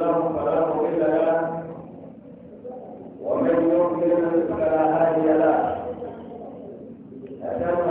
له فلا مضل له ومن يضلل فلا هادي له أشهد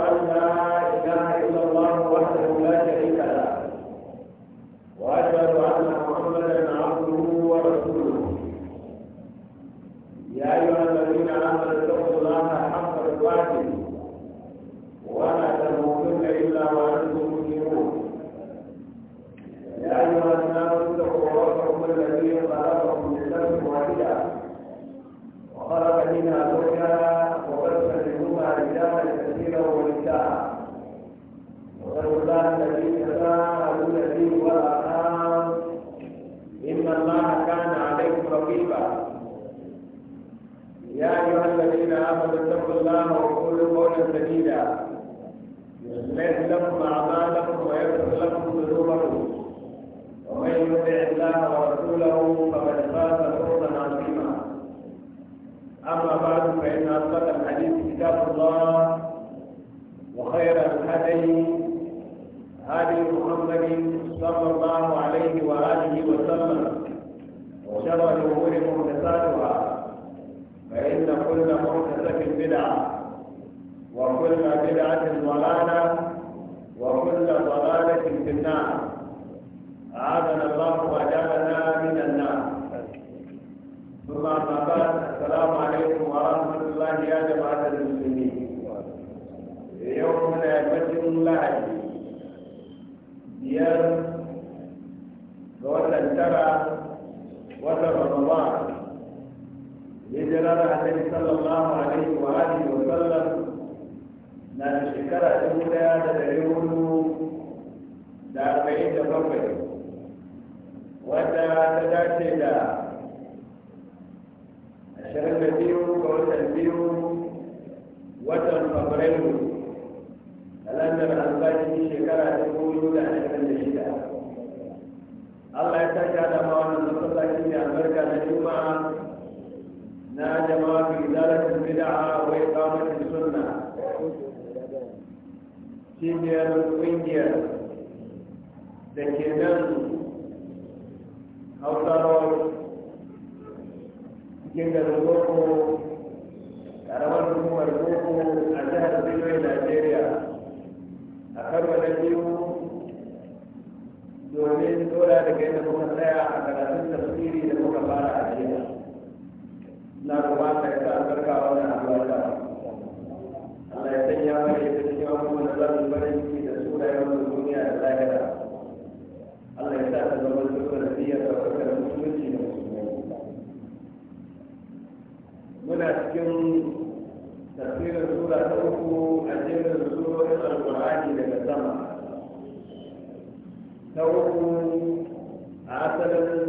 بدعة وكل بدعة ضلالة وكل ضلالة في النار cikin tafiyar zura ta uku a cikin surorin alkur'ani daga sama ta uku a asalin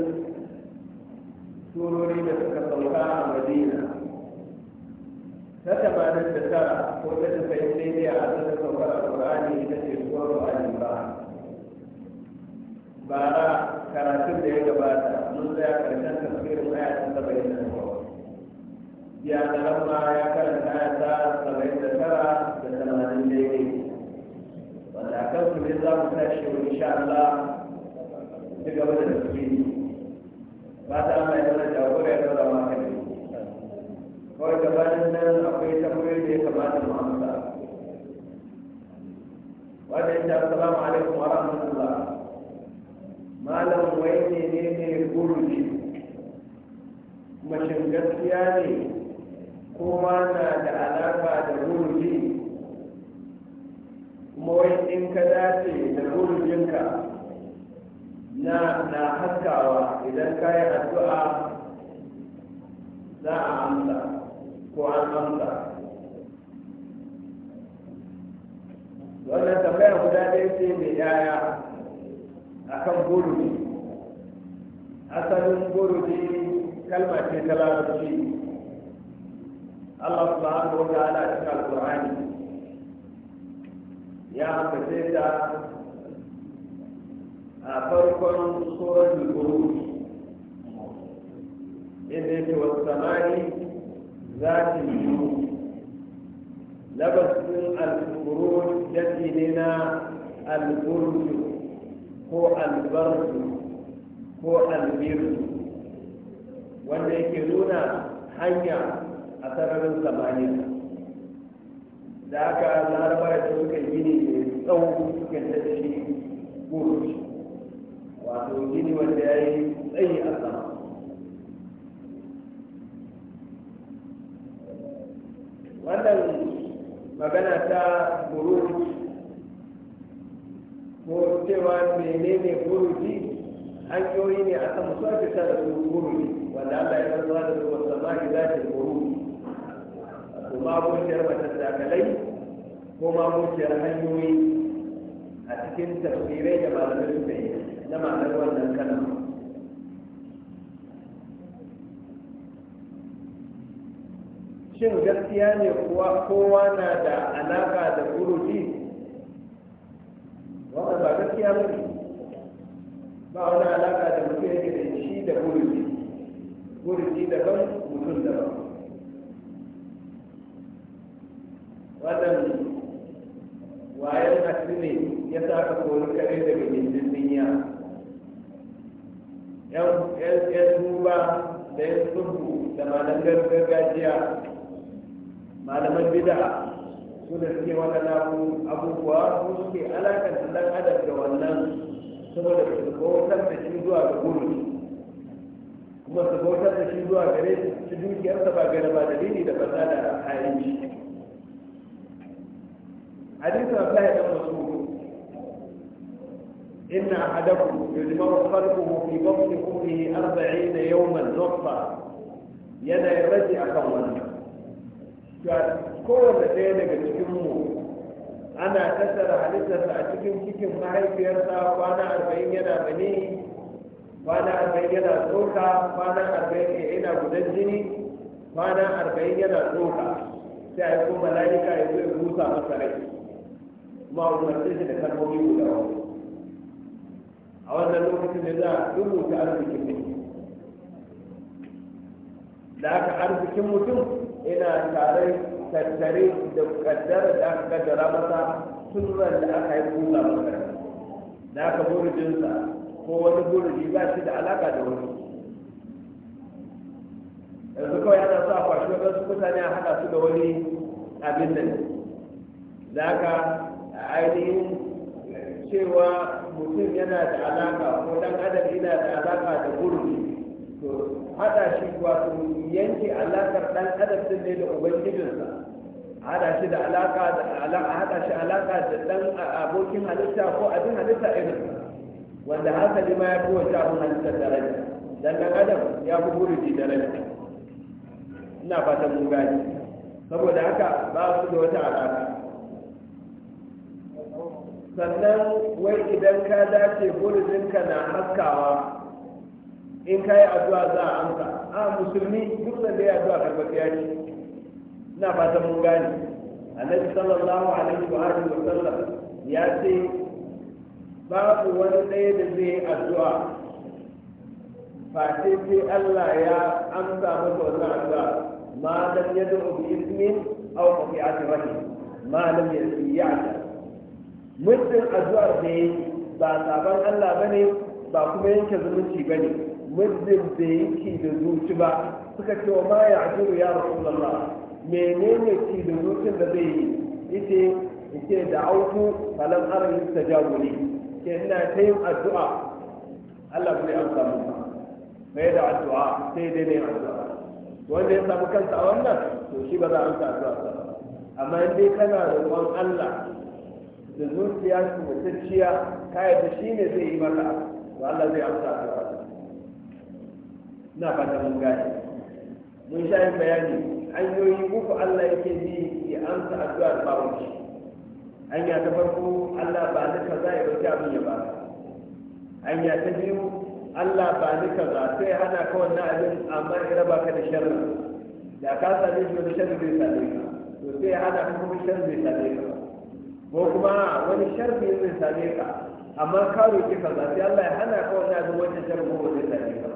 surori da suka sauka a madina ta tabbatar da ta, ko ta tafayin daidai a asalin saukar alkur'ani ita ce suwar ba bara karatun da ya gabata mun tsaya karshen tafsirin aya ta saba'in da ya talamba ya karanta ya ta saba'in da tara da tamanin daidai wanda a kan su za mu tashi wa insha Allah duk gaba da tafiye ba ta Allah ya zama jagora ya zama makani kawai gabanin nan akwai tambayoyi da ya kamata mu amsa wanda ya ce assalamu alaikum wa rahmatullah malam wai ne ne ne guruji kuma shin gaskiya ne kuma na da alaƙa da gurbi kuma wai in ka dace da gurbinka na na haskawa idan ka yi addu'a za a amsa ko an amsa wannan tambaya guda ɗaya ce mai yaya a kan gurbi asalin gurbi kalma ce ta larabci Allah subhanahu wa ta'ala a cikin alqur'ani ya ambace ta a farkon suratul buruj inda yake wasu samari ذات الجنوب لبس البروج التي لنا البرج هو البرج هو البرج wanda yake nuna hanya a sararin samaniya da aka laraba da suka gini ne tsawo suka da shi burushi wato gini wanda ya yi tsayi a sama wannan magana ta burushi ko cewa menene an hanyoyi ne a sama su ake da su burushi wanda Allah ya zama da su wasu samari za ta burushi ko mabuciyar matattakalai ko mabuciyar hanyoyi a cikin tafsirai da malamai suka yi na ma'anar wannan kalma shin gaskiya ne kuwa kowa na da alaƙa da guruji wannan ba gaskiya ba ne ba wani alaƙa da mutum yake da shi da guruji guruji daban mutum daban wannan wayan hatsi ne ya sa aka koli kare daga gindin duniya yan duba da yan sulhu da malaman gargajiya malaman bida su da suke waɗannan abubuwa su suke alakar ɗan adam da wannan saboda su bautar da shi zuwa ga gudu kuma su bautar da shi zuwa gare su dukiyarsa ba gare ba dalili da fasada a kayan shi hadisin Abdullahi dan Mas'ud إن أحدكم يجمر خلقه في بطن أمه أربعين يوما نطفة yana ya rage a kan wannan kowane ɗaya daga cikinmu ana tattara halittarsa a cikin cikin mahaifiyarsa kwana arba'in yana mani kwana arba'in yana tsoka kwana arba'in yana gudan jini kwana arba'in yana soka. sai a yi ko mala'ika ya zo ya busa masa rai kuma wani shi da kalmomi guda wani a wannan lokacin da za a rubuta arzikin mutum da aka arzikin mutum yana tare tattare da kaddara da aka kaddara masa sunan da aka yi kusa masa da aka burjinsa ko wani burji ba shi da alaka da wani yanzu kawai yana sa kwashe wasu mutane a haɗa su da wani abin nan da aka ainihin cewa mutum yana da alaka ko dan adam yana da alaka da gurbi to hada shi wato yanke alakar dan adam din ne da ubangijinsa hada shi da alaka da alaka hada shi alaka da dan abokin halitta ko abin halitta irin wanda ne ma ya fi wata abin halitta daraja dan dan adam ya fi gurbi daraja ina fatan mun gani saboda haka ba su da wata alaka sannan wai idan ka dace ka na haskawa in ka yi addu'a za a amsa a musulmi duk da ya addu'a ya ce na fata mun gane annabi sallallahu alaihi wa alihi wa sallam ya ce babu wani ɗaya da zai addu'a face sai Allah ya amsa masa wannan addu'a ma lam yad'u bi ismin aw bi rahim ma lam yasi'ata muddin addu'ar da yake ba sabon Allah bane ba kuma yanke zumunci bane muddin da yake da zuci ba suka ce wa ma ya ajiru ya rasulullah menene ki da zucin da zai yi yace yace da auku falan ara ta li ke ina ta yin addu'a Allah ne an samu mu mai da addu'a sai dai ne addu'a wanda ya samu kansa a wannan to shi ba za a amsa addu'a amma in dai kana roƙon Allah da zuciya su mutacciya kayan da shi ne zai yi maka to Allah zai amsa a kawai na fata mun gane mun sha yin bayani hanyoyi uku Allah yake bi ya amsa addu'ar bawon shi hanya ta farko Allah ba ni kaza ya dauki abin ya ba hanya ta biyu Allah ba ni kaza sai hana ka wannan abin amma ya raba ka da sharri da ka same shi wani sharri zai same ka to sai hana ka kuma sharri zai same ka ko kuma wani sharfi zai same ka amma ka roƙi ka za sai Allah ya hana ka wani abin wancan sharfi ko wani same ka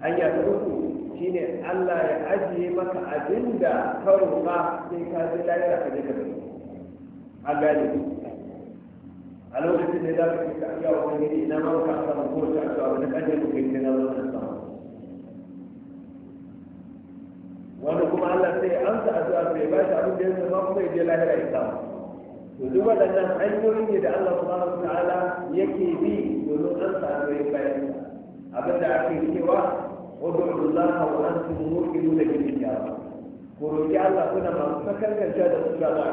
hanya ta uku shine Allah ya ajiye maka abin da ka roƙa sai ka je lahira ka je ka gani an gane ku a lokacin da za ka ce ka iya wani gidi na ma ka samu ko ta ka wani kaje ku kai na wannan sama wani kuma Allah sai an sa zuwa sai ba shi abin da ya zama kuma ya je lahira ya samu to duk waɗannan hanyoyi ne da Allah subhanahu ta'ala yake bi domin an samu yin bayan abin da ake cewa ud'u Allah wa antum muqinun bil ijaba ko roki Allah kuna masu sakankancewa da suka ba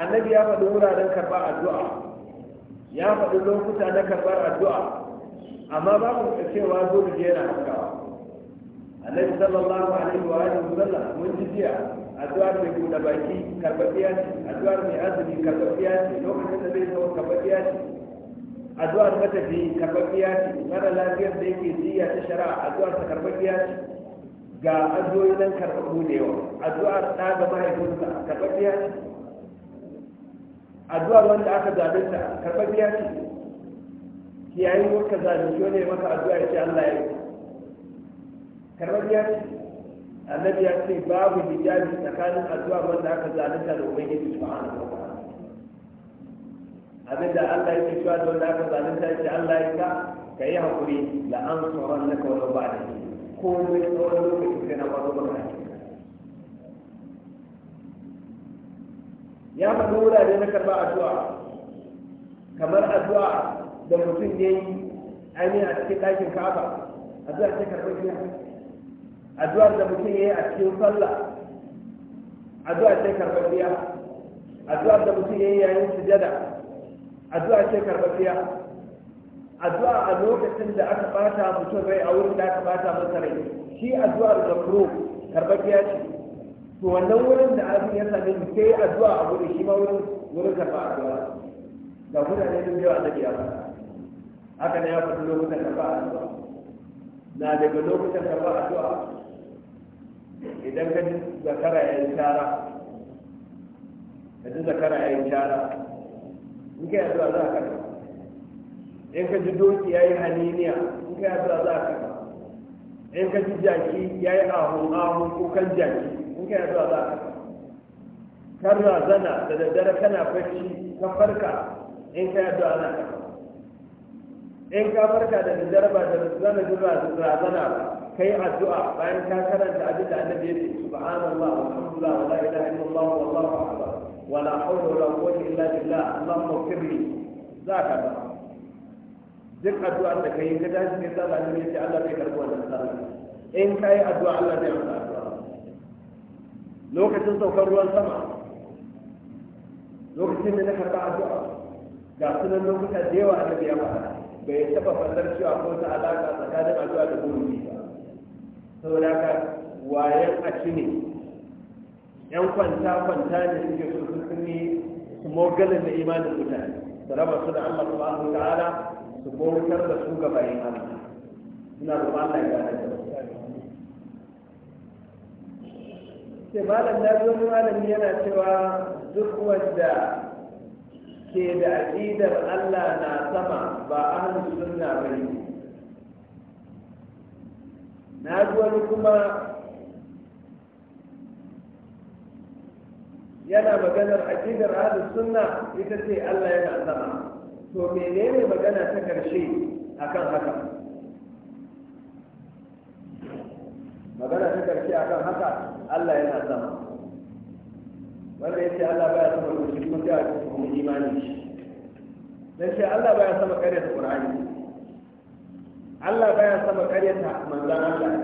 annabi ya faɗi wuraren karɓar addu'a ya faɗi lokuta na karɓar addu'a amma ba mu babu cewa dole je na hakawa annabi sallallahu alaihi wa alihi wa sallam mun ji jiya addu'ar mai buɗe baki karɓaɓɓiya ce addu'ar mai azumi karɓaɓɓiya ce lokacin da zai zo karɓaɓɓiya ce addu'ar matafi karɓaɓɓiya ce mara lafiyar da yake jiya ta shari'a addu'ar ta karɓaɓɓiya ce ga addu'o'i nan karɓaɓɓu da yawa addu'ar ɗa ga mahaifinsa karɓaɓɓiya ce addu'ar wanda aka zaɓe ta karɓaɓɓiya ce yayin wanka zaɓe ne wani maka addu'a ya ce Allah ya yi karɓaɓɓiya ce annabi ya ce babu hijabi tsakanin addu'a wanda aka zalunta da ubangiji subhanahu wa ta'ala abin da Allah yake cewa da wanda aka zalunta yake Allah ya ka kai hakuri la an tsoron na kawai ba da ni ko mai tsawon lokaci sai na kwazo ba ka ya faɗi wurare na karɓa addu'a kamar addu'a da mutum ya yi ainihin a cikin ɗakin ka'aba addu'a ta karɓar biya addu'ar da mutum ya yi a cikin sallah addu'a ce biya. addu'ar da mutum ya yi yayin sujada addu'a ce biya. addu'a a lokacin da aka bata mutum rai a wurin da aka bata masa rai shi addu'ar zakro biya ce to wannan wurin da abin ya same mu sai addu'a a wurin shi ma wurin wurin karɓa addu'a ga mutane sun yawa da biya haka ne ya faɗi lokutan karɓa addu'a na daga lokutan karɓa addu'a idan ka ji zakara ya yi tara ka ji zakara ya yi tara in ka yi zuwa za ka in ka ji doki ya yi haniniya in ka yi zuwa za ka in ka ji jaki ya yi ahun ahun kukan jaki in ka yi zuwa za ka kan razana da daddare kana fashi ka farka in ka yi zuwa za ka in ka farka da daddare ba da razana ba kai addu'a bayan ka karanta abin da annabi ya ce subhanallah walhamdulillah wala ilaha illallah wallahu akbar wala hawla wala quwwata illa billah allahumma firli za ka ba duk addu'a da kai ka dace ne sai Allah ya ce Allah zai karbi wannan sallah in kai addu'a Allah zai amsa addu'a lokacin saukar ruwan sama lokacin da na karba addu'a ga sunan lokuta da yawa annabi ya faɗa bai taɓa fadar cewa ko ta alaƙa tsakanin addu'a da gurbi saboda ka wayan a ne yan kwanta kwanta da suke su sun yi su da imanin mutane su raba su da Allah subhanahu wa ta'ala su bautar da su ga bayan Allah suna roƙon Allah ya gane da sai malam na wani malami yana cewa duk wanda ke da aƙidar Allah na sama ba ahlus sunna bane na ji wani kuma yana maganar aƙidar ahlus sunna ita ce Allah yana sama to menene magana ta karshe akan haka magana ta karshe akan haka Allah yana sama wanda ya ce Allah baya sama to kuma sai a kuma imani shi dan ce Allah baya sama kare da Qur'ani Allah baya sama karyata manzan Allah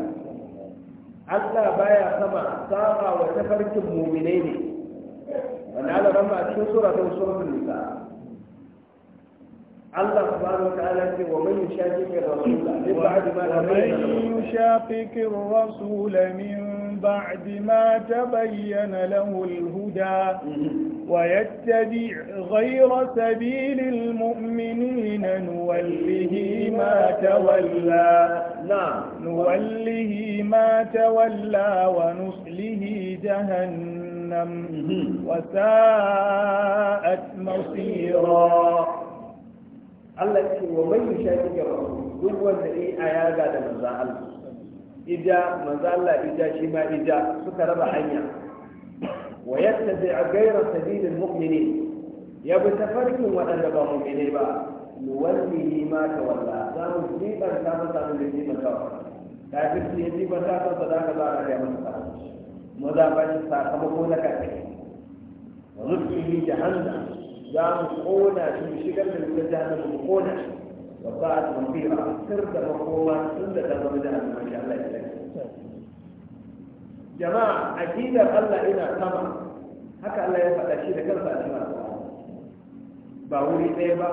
Allah baya sama saba wa tafarkin mu'minai ne wanda Allah rama a cikin sura ta suratul nisa الله سبحانه وتعالى ومن يشاكك الرسول من بعد ما ومن يشاكك الرسول من بعد ما تبين له الهدى ويتبع غير سبيل المؤمنين نوله ما تولى نعم. نوله ما تولى ونصله جهنم وساءت مصيرا الله يقول ومن يشاهدك رسول دون ان يا إيه ايات من ذا الله اذا من ذا الله اذا شما اذا سكر بحيه ويتبع غير سبيل المؤمنين يا بتفرق وانا بقى مؤمنين بقى ما تولى قاموا في بركاته تعمل لي ما تولى تعرف لي دي بركاته صدقه بقى يا من صار مضى بعد صار ابو قولا كان ورسله جهنم جام قولا في شكل من جهنم قولا وقعت مصيره سرت مقوما سنده تبدا ما شاء الله jama'a aqidar Allah ina sama haka Allah ya faɗa shi da kansa a cikin ba wuri ɗaya ba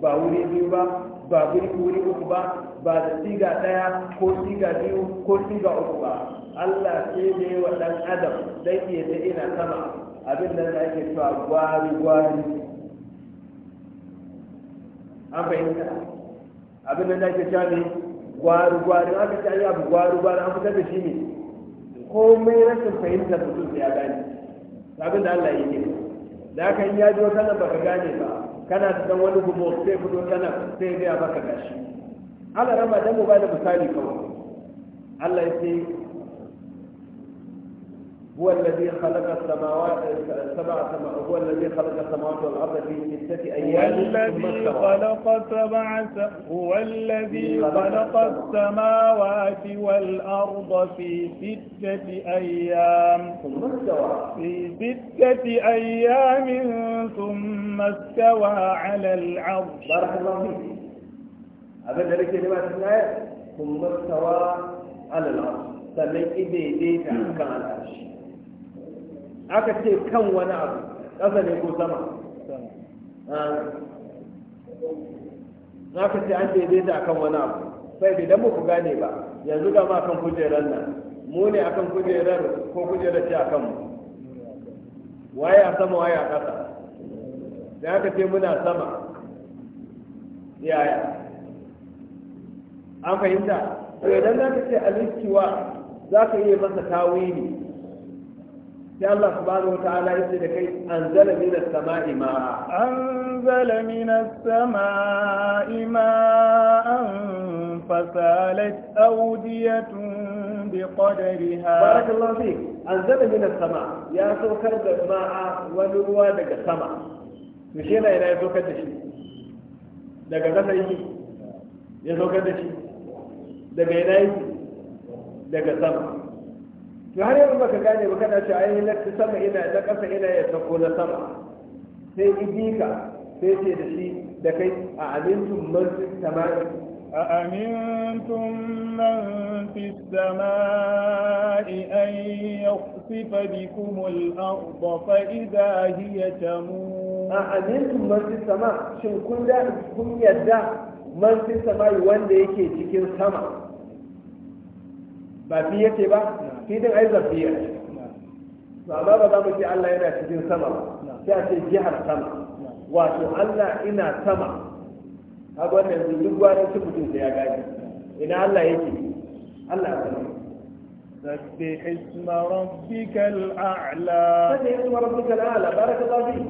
ba wuri biyu ba ba wuri wuri uku ba ba da siga ɗaya ko siga biyu ko siga uku ba Allah sai ne wa ɗan adam dan iya ta ina sama abin nan da ake cewa gwari gwari an fahimta abin nan da ake cewa ne gwari gwari aka ce abu gwari gwari an fitar da shi ne komai rashin fahimtar mutum sai ya gane abin da Allah yake da aka yi ya ji wata nan baka gane ba kana da dan wani gumo sai fito kana sai ya baka gashi Allah rama dan mu ba da misali kawai Allah ya ce هو الذي خلق السماوات سبع هو الذي خلق السماوات والارض في سته ايام الذي خلق سبع هو الذي خلق السماوات والارض في سته ايام في سته ايام ثم استوى على العرش بارك الله فيك هذا ذلك كلمات الايه ثم استوى على العرش سمي ديتا كان العرش aka ce kan wani abu ƙasa ne ko sama aka ah. ce an daidaita kan wani abu sai idan ba gane ba yanzu ga ma kan kujerar nan mu ne akan kujerar ko kujerar ce akan mu waye a sama waye a ƙasa da aka ce muna sama yaya an fahimta to idan za ka ce alistiwa za ka iya masa tawili sai Allah subhanahu wata'ala yace da kai anzala minas sama'i ma'a anzala minas sama'i ma'an fasalat awdiyatun biqadriha barakallahu fi anzala minas sama ya saukar da ma'a wani ruwa daga sama to shi yana ya saukar da shi daga ya da shi daga to har yanzu baka gane ba kana ce ai na sama ina na kasa ina ya sako na sama sai ibika sai ce da shi da kai a amintun man samani a amintun man fi samai an yaqsifa bikum al-ard fa idha hiya tamur a amintun man fi sama shin kun da kun yadda man fi samai wanda yake cikin sama ba fi yace ba fi din ai zafi ya amma ba za mu ce Allah yana cikin sama sai a ce jihar sama wato Allah ina sama kaga wannan duk wani cin mutum sai ya gaji ina Allah yake Allah sama سبح اسم ربك الأعلى سبح اسم ربك الأعلى بارك الله فيك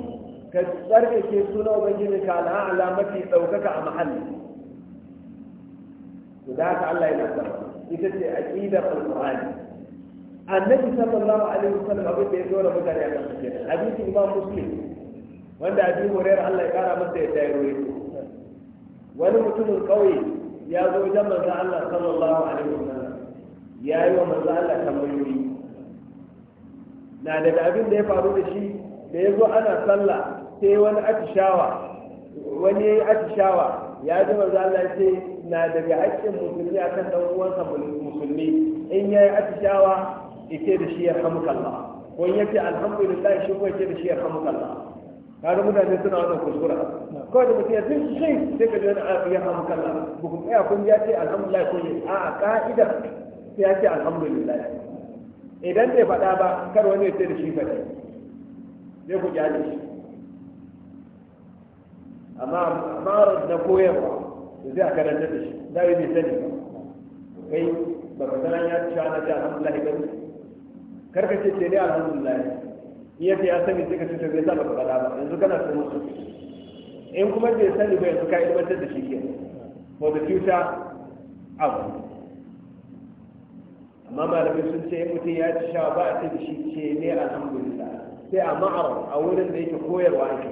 كسرك في سنة وبجنك الأعلى مكي توكك على محل وذاك الله ينزل ita ce a ƙidar alƙur'ani annabi sallallahu alaihi wasallam abin da ya da mutane a kan kenan hadisi imam muslim wanda abi hurairah Allah ya kara masa ya tayar wani mutumin kawai ya zo wajen manzo Allah sallallahu alaihi wasallam ya yi wa manzo Allah tambayoyi na daga abin da ya faru da shi da ya zo ana sallah sai wani atishawa wani ya yi atishawa ya ji manzo Allah ya ce na daga haƙƙin musulmi akan dan uwansa musulmi in ya yayi atishawa yake da shi ya kalla ko in ce alhamdulillah shi ko yake da shi ya kalla yarhamukallah kaga mutane suna wannan kuskura kawai da mutum ya fi shi sai ka ji wani abu ya hamu kalla ba ku tsaya kun ya ce alhamdulillah kun yi a ka'ida sai ya ce alhamdulillah idan bai faɗa ba kar wani ya ce da shi faɗi zai ku kyale shi amma marar na koyarwa da zai a karanta da shi za yi bai sani ba kai ba ka sanar ya ci ana ce alhamdulillah ba karka ce ce dai alhamdulillah iya ce ya sani sai ka ce to bai sa ba faɗa ba yanzu kana so musu in kuma bai sani ba yanzu ka ilmantar da shi ke for the future abu amma malamai sun ce in mutum ya ci sha ba a ce da shi ce ne alhamdulillah sai a ma'arar a wurin da yake koyarwa ake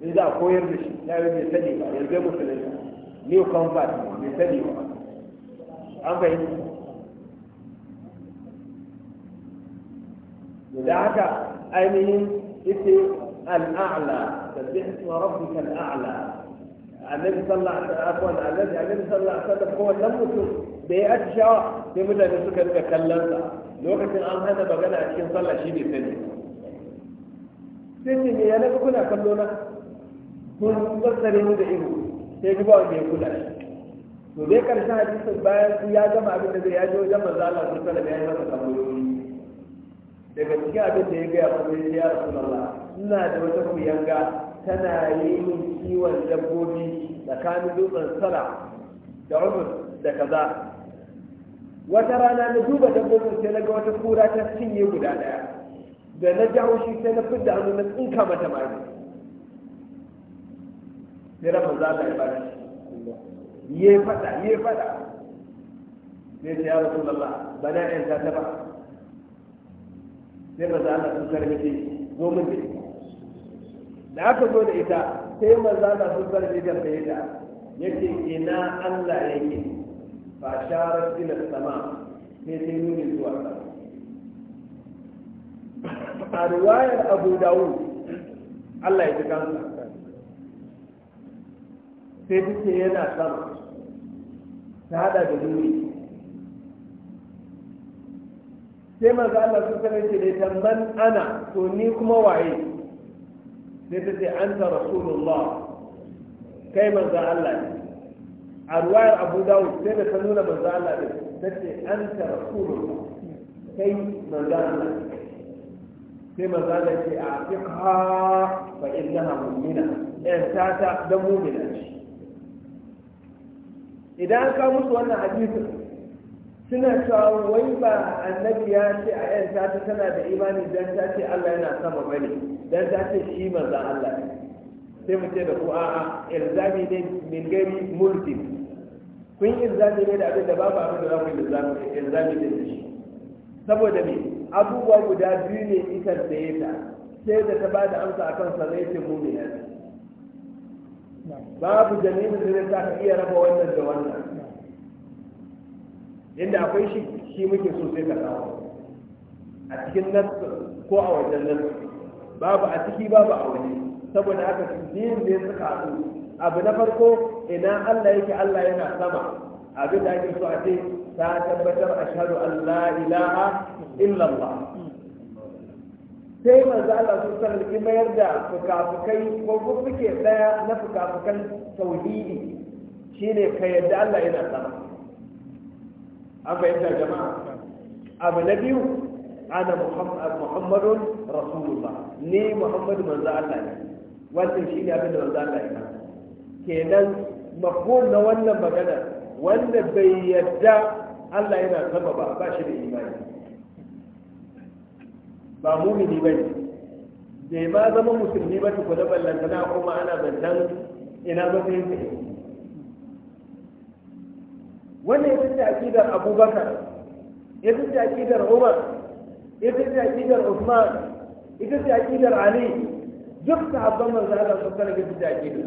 yanzu a koyar da shi ya yi bai sani ba yanzu ya musulunci new convert bai sani ba an fahimta da haka ainihin ita al'a'la sabbih isma rabbika al'a'la annabi sallallahu alaihi wa sallam annabi sallallahu alaihi wa sallam ko wannan mutum da ya atishawa sai mutane suka rika kallon sa lokacin an hana magana a cikin sallah shi ne sani sai ce ya yana kuna kallo na kun tsare mu da ihu sai ji ba wanda ya kula shi to dai karshen hadisin bayan ya gama abin da zai ya je wajen manzo Allah sallallahu da ya yi masa tambayoyi daga cikin abin da ya gaya ya kuma ya rasu Rasulullah ina da wata kuyanga tana yi min kiwon dabbobi tsakanin dutsen sara da Uhud da kaza wata rana na duba dabbobin sai na ga wata kura ta cinye guda daya da na jawo shi sai na fidda hannu na tsinka mata mari ne rabu za ta yi ba shi ye fada ye fada ne ta yaro sun lalla ba na yan ta ba sai maza na sun karbi ce zo min da da aka zo da ita sai maza na sun karbi da bai da yake ina Allah yake fa sharar ila sama sai yi nuni zuwa sama a ruwayar Abu Dawud Allah ya ji kansa sai ta ce yana sama ta hada da duri sai manzo Allah sun sanar ce da tamban ana to ni kuma waye sai ta ce an ta rasulullah kai manzo Allah ne a ruwayar Abu dawo sai da ta nuna manzo Allah ne ta ce anta rasulullah kai maza Allah sai manzo Allah ce a fiqha fa innaha mu'mina ɗan eh, tata dan mu'mina ce idan an kawo musu wannan hadisin suna cewa wai ba annabi ya ce a yan ta tana da imani dan ta ce Allah yana sama bane dan ta ce shi manzon Allah sai mu ce da ku a'a ilzami ne min gari mulki kun yi ilzami ne da abin da babu abin da za ku yi ilzami ne shi saboda me abubuwa guda biyu ne ita da ya ta sai da ta ba da amsa akan sa zai ce mu ne babu jami'in da zai sa ka iya raba wannan da wannan inda akwai shi shi muke so sai ka kawo a cikin nan ko a wajen nan babu a ciki babu a waje saboda haka da ya saka su abu na farko ina Allah yake Allah yana sama abin da ake so a ce ta tabbatar ashhadu an la ilaha illallah sai manzo Allah su sallar ki mayar da fukafukai ko fuke daya na fukafukan tauhidi shine ka yadda Allah yana sama an fahimta jama'a abu na biyu ana muhammadun rasulullah ne muhammadu manzo Allah ne wannan shine abin da manzo Allah ya kenan mafhum na wannan magana wanda bai yadda Allah yana sama ba ba shi da imani ba mumini ba ne bai ma zama musulmi ba tukuna ballantana kuma ana zancen ina matsayin ta wannan ita ce akidar abubakar ita ce akidar umar ita ce akidar usman ita ce akidar ali duk sahabban manzo Allah sun kana ita ce akidar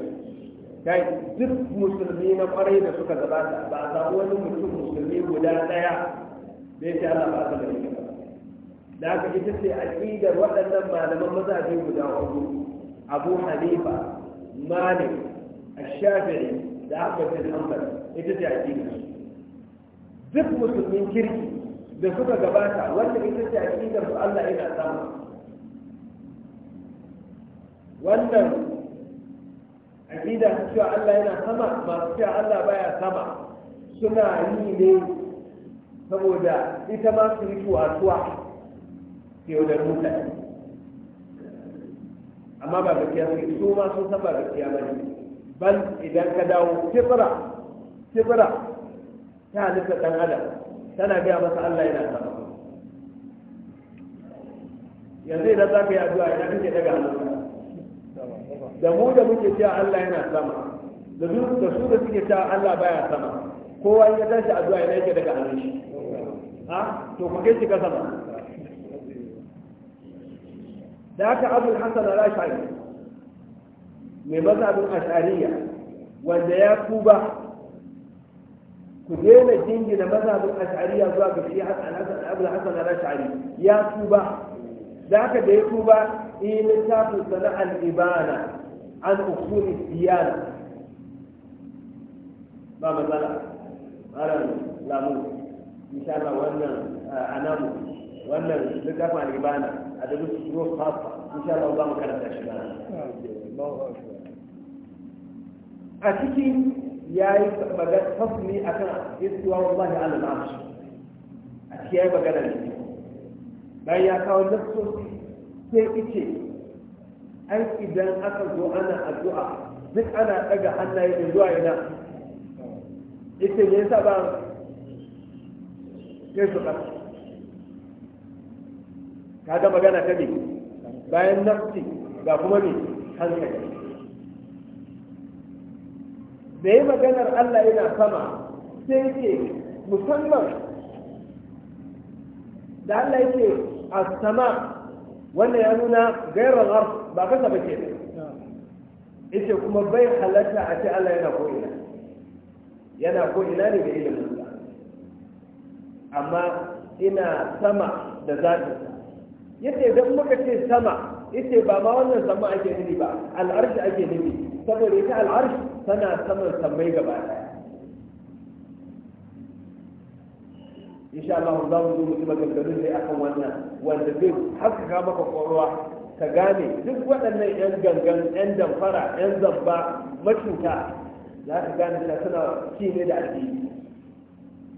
kai duk musulmi na kwarai da suka gabata ba a samu wani mutum musulmi guda daya da ya Allah ba ta da da haka ita ce aqidar waɗannan malaman mazhabi guda uku Abu halifa Malik Ash-Shafi'i da Ahmad bin Hanbal ita ce aqidar duk musulmin kirki da suka gabata wanda ita ce aqidar su Allah yana samu wannan aqida ta cewa Allah yana sama masu cewa Allah baya sama suna yi ne saboda ita ma su yi tuwa tuwa yau da mutane amma ba gaskiya suke su ma sun saba da kiyar ba ne bal idan ka dawo fitra fitra ta halitta dan adam tana gaya masa Allah yana sama. yanzu idan za ka yi addu'a idan kake daga Allah. da mu da muke cewa Allah yana sama da su da su da suke cewa Allah baya sama kowa ya tashi addu'a yana yake daga hannun shi ha to ku kai shi ka sama ذاك أبو الحسن الأشعري من مذهب الأشعرية وذا كوبا كدين الدين من مذهب الأشعرية ذاك الشيعة أبو الحسن الأشعري يا كوبا ذاك ذا كوبا إن تابوا صنع الإبانة عن أصول الديانة ما مثلا أنا لا مو إن شاء الله وأنا أنام وأنا لتابع الإبانة هذا بس خاصة insha Allah za mu karanta shi ba. a cikin yi magana fasli akan istiwa wallahi ala al'arsh a cikin yi magana ne bayan ya kawo nassosi sai ice ai idan aka zo ana addu'a duk ana daga hannaye da zuwa yana ita ne yasa ba sai su Ka ga magana ta ne bayan nafsi ga kuma ne hankali da yi maganar Allah yana sama sai ke musamman da Allah yake a sama wannan ya nuna gairar ba kasa ba ke ita kuma bai halatta a ce Allah yana ko'ina yana ko'ina ne da ilimin amma ina sama da zaɓinsa Yadda idan muka ce sama yace ba ma wannan sama ake nufi ba al'arshi ake nufi saboda ita al'arshi tana saman samai gaba daya insha Allah za mu zo mutum maganganun ne akan wannan wanda zai haskaka maka kwakwalwa ka gane duk waɗannan 'yan gangan 'yan damfara 'yan zamba macuta za ka gane ta suna ne da addini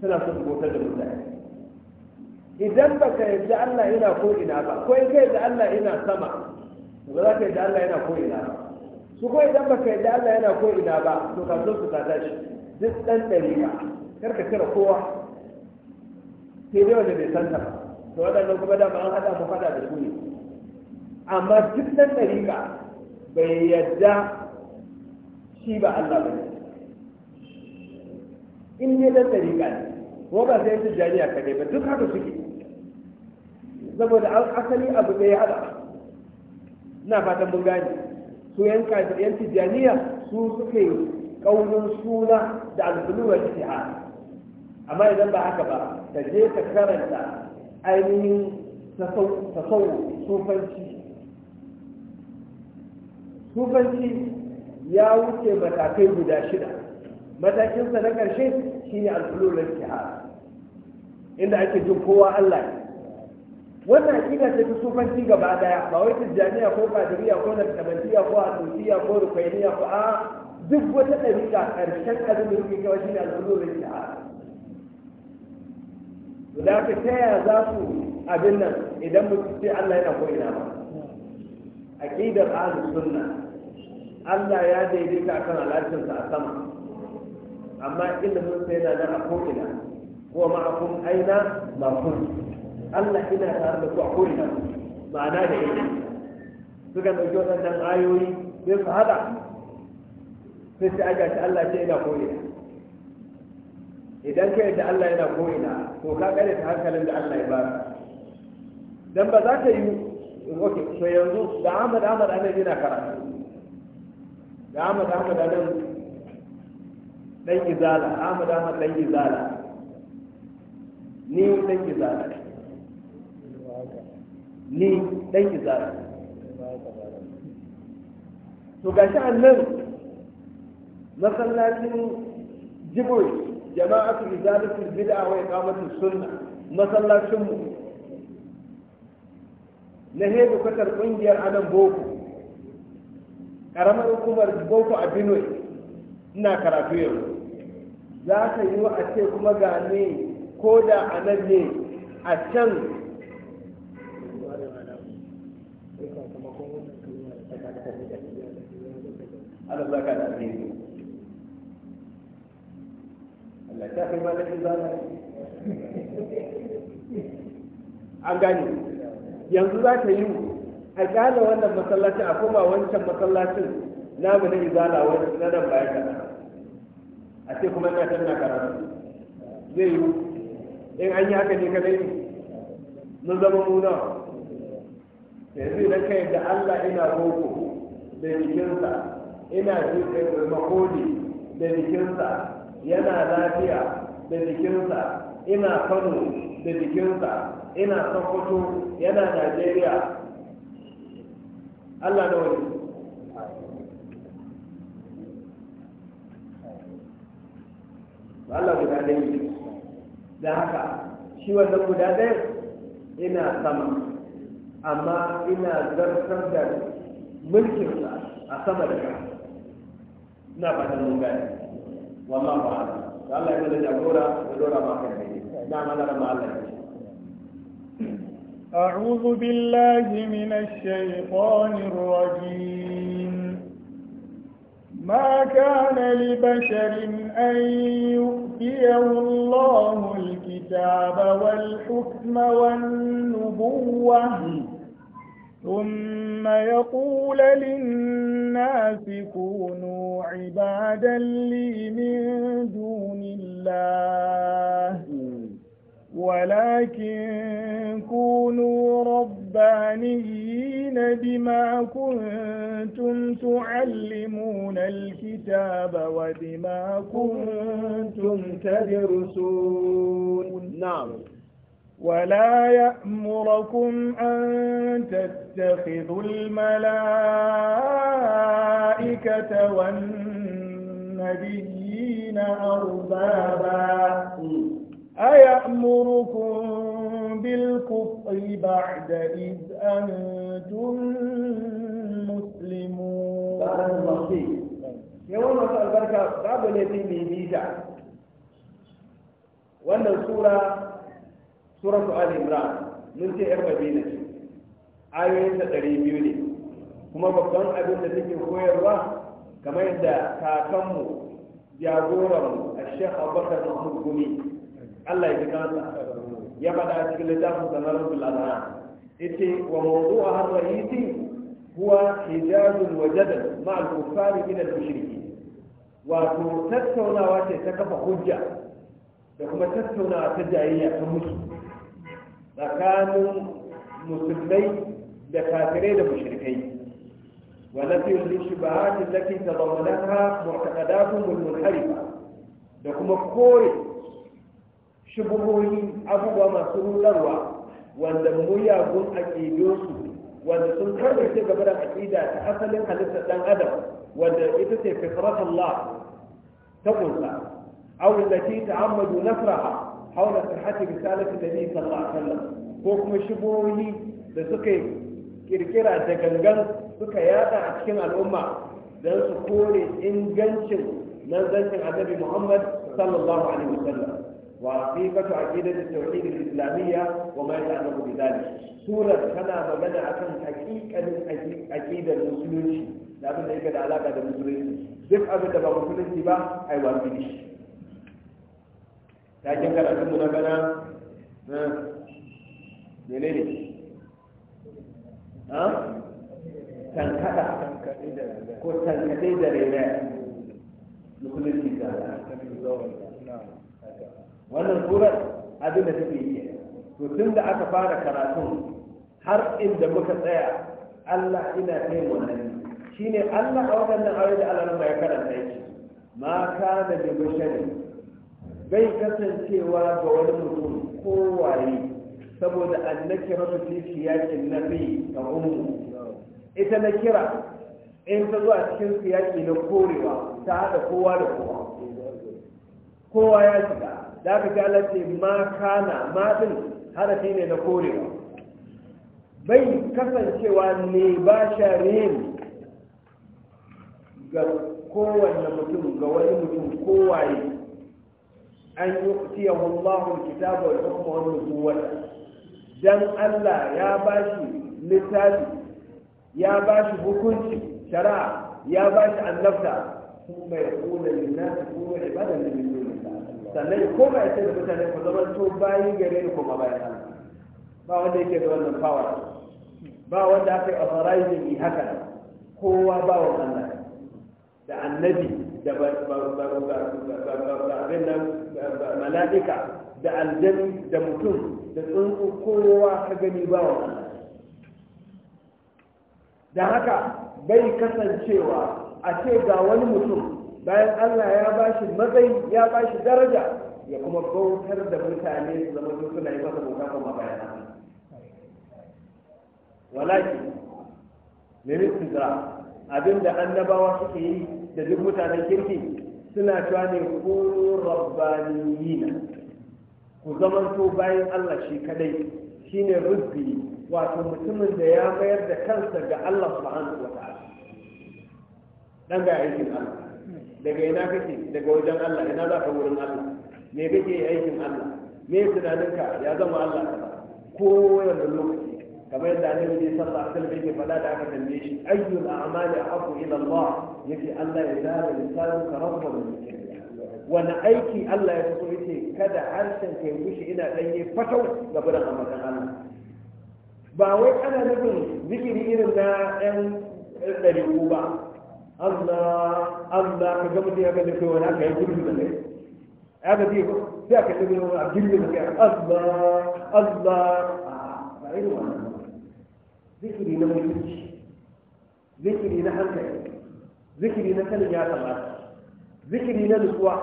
suna son su gotar da mutane idan ba ka yarda Allah yana ko ina ba ko in ka yarda Allah yana sama ba za ka da Allah yana ko ina ba su ko idan ba ka yarda Allah yana ko ina ba to ka zo su tata shi duk dan dariƙa kar ka kira kowa sai dai wanda bai san ta ba to waɗannan kuma da ba an haɗa mu faɗa da su ne amma duk dan dariƙa bai yadda shi ba Allah ba in ne dan dariƙa ne ko ba sai ta jariya dai ba duk haka suke saboda asali abu da ya hada na fatan mun gane su yan yan tijaniya su suke suna da albuluwar jihar amma idan ba haka ba ka je ta karanta ainihin tasawu sufanci sufanci ya wuce matakai guda shida matakinsa na ƙarshe shine albuluwar jihar inda ake jin kowa allah wannan aƙida ce ta sufanci gaba daya ba wai tijjaniya ko kadiriya ko naktabantiya ko asusiya ko rukainiya ko a duk wata ɗabi'a ƙarshen abin da suke kawai shine al'ulur da shi'a da ka ta za su abin nan idan ba su ce Allah yana ko ina ba aqidar ahlus sunna Allah ya daidaita kan al'adunsa a sama amma ilimin sa yana nan a ko ina wa aina ma Allah ina tare da ku a ma'ana da ina suka ɗauki waɗannan ayoyi sai su haɗa sai su aga shi Allah ce ina ko'ina idan ka yadda Allah yana ko'ina to ka ƙare ta hankalin da Allah ya ba dan ba za ka yi ok so yanzu da Ahmad Ahmad anan yana karatu da Ahmad Ahmad anan dan izala Ahmad Ahmad dan izala ni dan izala ni dan izara to gashi annan masallacin jibril jama'atu izalatul bid'a wa iqamatu sunna masallacin mu na hebu kasar kungiyar anan boko karamar hukumar boko a benue ina karatu yau za ka yi wa a ce kuma gane ko da anan ne a can Allah zaka da alheri Allah ta kai malakin zana an gane yanzu za ta yi a kyala wannan masallacin a koma wancan masallacin namu na izala wani na nan baya kana a ce kuma na tana karatu zai yi in an yi haka ne ka kadai mun zama munawa yanzu idan kai da Allah ina roko da jikinsa ina jikin makoli da jikinsa yana lafiya da jikinsa ina kano da jikinsa ina sokoto yana najeriya allah da wani allah guda ɗaya da haka shi wannan guda ɗaya ina sama amma ina zartar da mulkinsa a sama da kasa ina fatan mun gane wallahu a'lam Allah ya bada jagora da dora ma kan dai na malaka ma Allah ya أعوذ بالله من الشيطان الرجيم ما كان لبشر أن يؤتيه الله الكتاب والحكم والنبوة ثم يقول للناس كونوا عبادا لي من دون الله ولكن كونوا ربانيين بما كنتم تعلمون الكتاب وبما كنتم تدرسون نعم ولا يأمركم أن تتبعوا يتخذ الملائكة والنبيين أربابا أيأمركم بالكفر بعد إذ أنتم مسلمون يوم البركة بعد الذي بيجا وأن السورة سورة آل عمران من تي إرمى ayoyin ɗari biyu ne kuma babban abin da take koyarwa kamar yadda kakanmu jagoranmu a shekh abubakar mahmud gumi allah ya ji kansa ya faɗa cikin littafin sanarar bulana ita wa mawdu'a har rahisi huwa hijazun wa jadal ma'al kufari min al mushriki wato tattaunawa ce ta kafa hujja da kuma tattaunawa ta jayayya ta musu tsakanin musulmai da kafirai da mashirkai wadatai wulishi ba hajji zafi ta zaunan ha mutakadatun mulmul harifa da kuma kore shibuhohi abubuwa masu rularwa wanda muyagun aƙidosu wanda sun karbe ce gaba da aƙida ta asalin halittar ɗan adam wanda ita ce fitratun la ta kunsa awul da ke ta'ammadu nasra a haunar sahati misalin da ne sallallahu ko kuma shibuhohi da suka kirkira da gangan suka yada a cikin al'umma don su kore ingancin manzancin annabi muhammad sallallahu alaihi wasallam وحقيقة عقيدة التوحيد الإسلامية وما يتعلق بذلك سورة كان مبنى أكن da عقيدة المسلمين لابد أن يكون علاقة بالمسلمين duk abin da ba musulunci ba ai wa bi shi ta jin karatun mu na bana ne. tankada ko tankadai da rena musulunci da wannan surar abin da take yi to tun da aka fara karatun har inda muka tsaya Allah ina kai wannan shine Allah a nan aure da Allah ya karanta yake ma ka da bashari bai kasancewa ga wani mutum kowaye saboda annaki rasu fi siyakin nabi da umu ita na kira in ta zuwa cikin siyaki na korewa ta haɗa kowa da kowa kowa ya shiga da aka ga Allah ce ma kana ma harafi ne na korewa bai kasancewa ne ba sharin ga kowane mutum ga wani mutum kowaye an yi tiyahun lahun kitabar hukumar dan Allah ya bashi littafi ya bashi hukunci shari'a ya bashi annabta kuma ya kula linnas kuma ibadan min dunillah sannan ya ya da mutane ku zama to bayi gare ni kuma bayan Allah ba wanda yake da wannan power ba wanda aka yi authorizing yi haka kowa ba wa Allah da annabi da ba ba ba da ba da mutum da tsuntsu kowa ka gani ba wa da haka bai kasancewa a ce ga wani mutum bayan allah ya ba shi matsayi ya ba shi daraja ya kuma bautar da mutane su zama su suna yi masa bauta kuma bayan walaki mirin tuzra abinda annabawa suke yi da duk mutanen kirki suna cewa ne ku rabbaniyina ku zamanto bayan Allah shi kadai shine rubbi wato mutumin da ya mayar da kansa ga Allah subhanahu wa ta'ala dan ga aikin Allah daga ina kake daga wajen Allah ina za ka wurin Allah me kake aikin Allah me tunaninka ya zama Allah ko da lokaci kamar yadda annabi ne sallallahu alaihi wasallam yake faɗa da aka tambaye shi ayyul a'mali ahabbu ila Allah yace Allah ya zara lisanin ka rabbahu wani aiki Allah ya fito ce kada harshen ka ya gushe ina danye fatau ga buran amadan Allah ba wai ana nufin zikiri irin na ɗan ɗari ba Allah Allah ka ga mutum ya ga nufin wani aka yi gudu da ne ya ga zai ba sai aka tabi wani a girgin da kai Allah Allah ba irin wannan zikiri na mutunci zikiri na hankali zikiri na sanin ya kamata zikiri na nutsuwa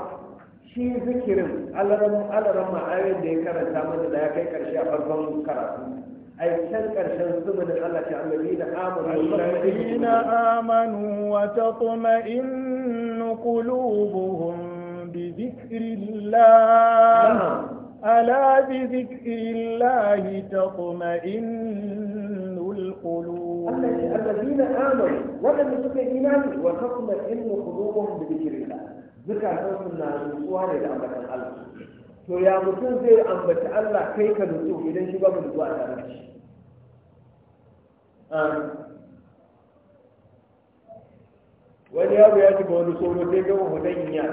shi zikirin alaran ma'ayoyin da ya karanta mana da ya kai karshe a farkon karatu ai can karshen zumunin Allah ta na amanu alladhina amanu wa tatma'innu qulubuhum bi dhikrillah ala bi dhikrillah tatma'innul qulub alladhina amanu wa lam yu'minu wa tatma'innu qulubuhum bi dhikrillah zukatansu na nutsuwa ne da ambatan Allah to ya mutum zai ambaci Allah kai ka nutsu idan shi ba mu nutsuwa a tare da shi wani yaro ya shiga wani tsoro sai gama hudun ya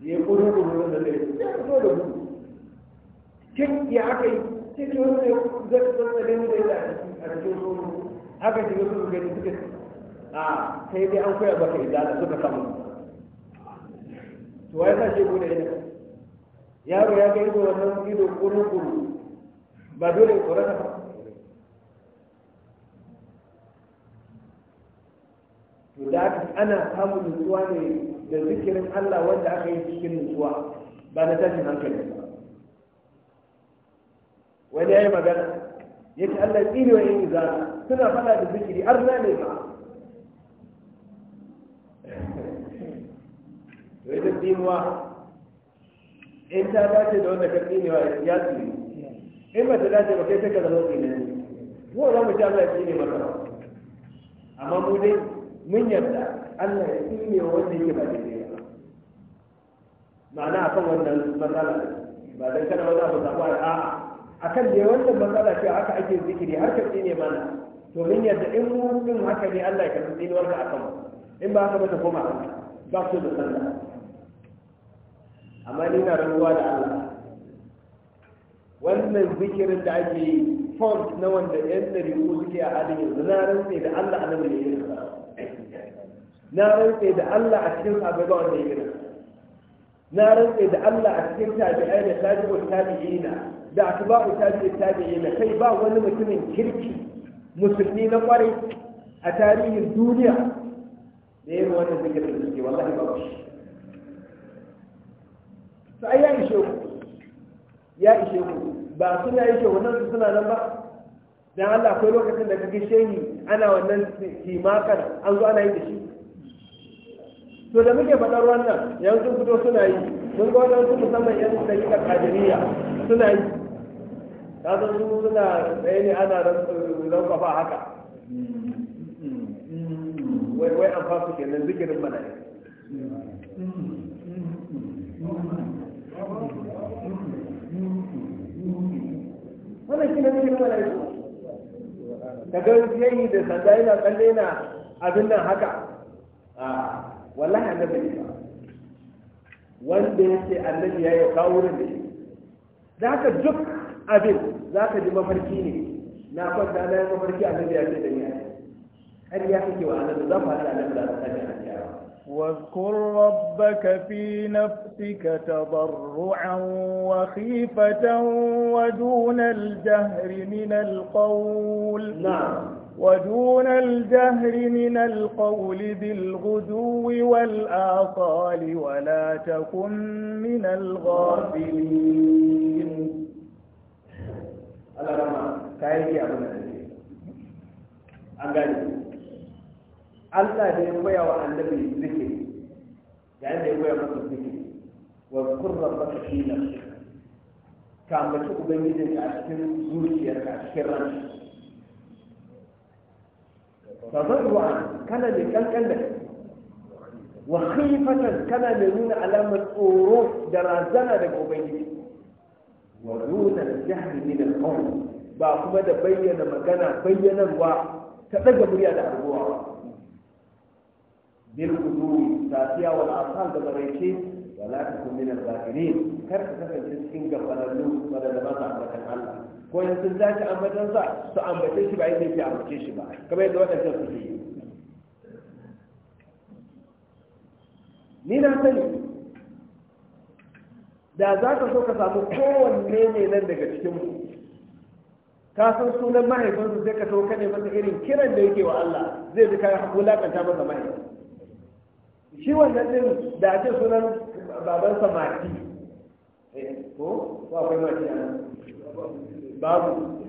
ya kuri wani da zai ya fito da hudu kin ya aka yi sai ce wani zai zai zai zai da a cikin tsoro aka shiga su gani suka a ah, sai dai an koya baka izala suka samu to wai sa shi bude ido yaro ya nan ido wannan ido kurukuru ba dole korona ba to da ana samun nutsuwa ne da zikirin Allah wanda aka yi cikin nutsuwa ba na tashin hankali ba wani ya yi magana ya ce Allah tsiri wa yin izara suna fada da zikiri arna ne ba to ita tsinuwa in ta dace da wanda ka tsinewa ya tsini in ba ta dace ba kai sai ka zama ne, ko za mu sha Allah ya tsine maka amma mu dai mun yarda Allah ya tsine wa wanda yake ba daidai ba ma'ana akan wannan matsala ba dan kana wani abu samu a'a kan da wannan matsala ce haka ake zikiri har ka tsine mana domin yadda in mu din haka ne Allah ya karbi tsinuwar ka akan in ba haka ba ta koma ba su da sallah amma ni na rabuwa da Allah wannan zikirin da ake yi font na wanda yan ɗariƙo suke a halin yanzu na rantse da Allah a nan yi na rantse da Allah a cikin sabai wanda na rantse da Allah a cikin tabi'ai da tabi'ul tabi'ina da atba'u tabi'ul tabi'ina kai ba wani mutumin kirki musulmi na kwarai a tarihin duniya da yin wannan zikirin da suke wallahi ba shi to ai ya ishe ku ya ishe ku ba suna ishe wannan su suna nan ba dan Allah akwai lokacin da kake shehi ana wannan himakar an zo ana yi da shi to da muke faɗar wannan yanzu fito suna yi sun ga wadansu musamman yan dakika kadiriya suna yi ka san su suna tsaye ne ana ran rankwafa haka wai wai an fasu kenan zikirin ne. wannan shi ne muke wani da ka ga yayi da sanda yana tsalle na abin nan haka a wallahi annabi ne wanda yake annabi ya yi kawo da shi da haka duk abin za ka ji mafarki ne na kwanta na yi mafarki annabi ya ce da ni har ya kake wa annabi za ku haɗa annabi da ta واذكر ربك في نفسك تضرعا وخيفة ودون الجهر من القول نعم ودون الجهر من القول بالغدو والآصال ولا تكن من الغافلين الله كايري أبو نسيب أغاني Allah da ya koya wa annabi zikiri da yadda ya koya masa zikiri wa kurra masa shi na ka ambaci ubangijin a cikin zuciyarka a cikin ran tazarruwa kana mai kankan da wa khifatan kana mai nuna alamar tsoro da razana daga ubangiji wa nuna jahri min al ba kuma da bayyana magana bayyanarwa ta daga murya da abubuwa bilkuduri safiya wal asal da baraice wala la ta kun zakirin kar ka kasance cikin gabanannu wadda da masu da Allah ko in sun zaki ambatansa su ambace shi ba yadda yake ambace shi ba kamar yadda waɗanda su yi ni na sani da za ka so ka samu kowanne ne nan daga cikin cikinmu ka san sunan mahaifinsu sai ka so ka ne masa irin kiran da yake wa Allah zai ji kayan hakula kanta masa mahaifinsu shi wannan din da ake sunan babansa mati ko ko akwai mati a babu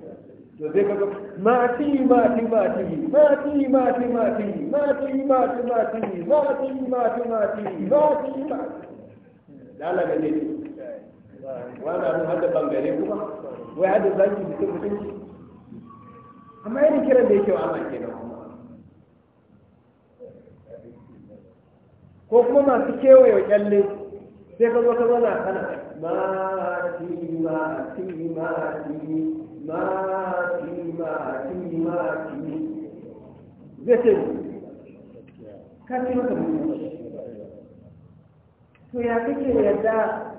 to zai kaga mati mati mati mati mati mati mati mati mati mati mati mati mati mati lalaga ne wani mun hada bangare kuma wai hada zaki mutum mutum amma irin kiran da yake wa Allah kenan kuma ko kuma masu kewaye kyalle sai ka zo ka zo na kana mati mati mati mati mati mati zai ce ka ce maka mutum to ya kake yadda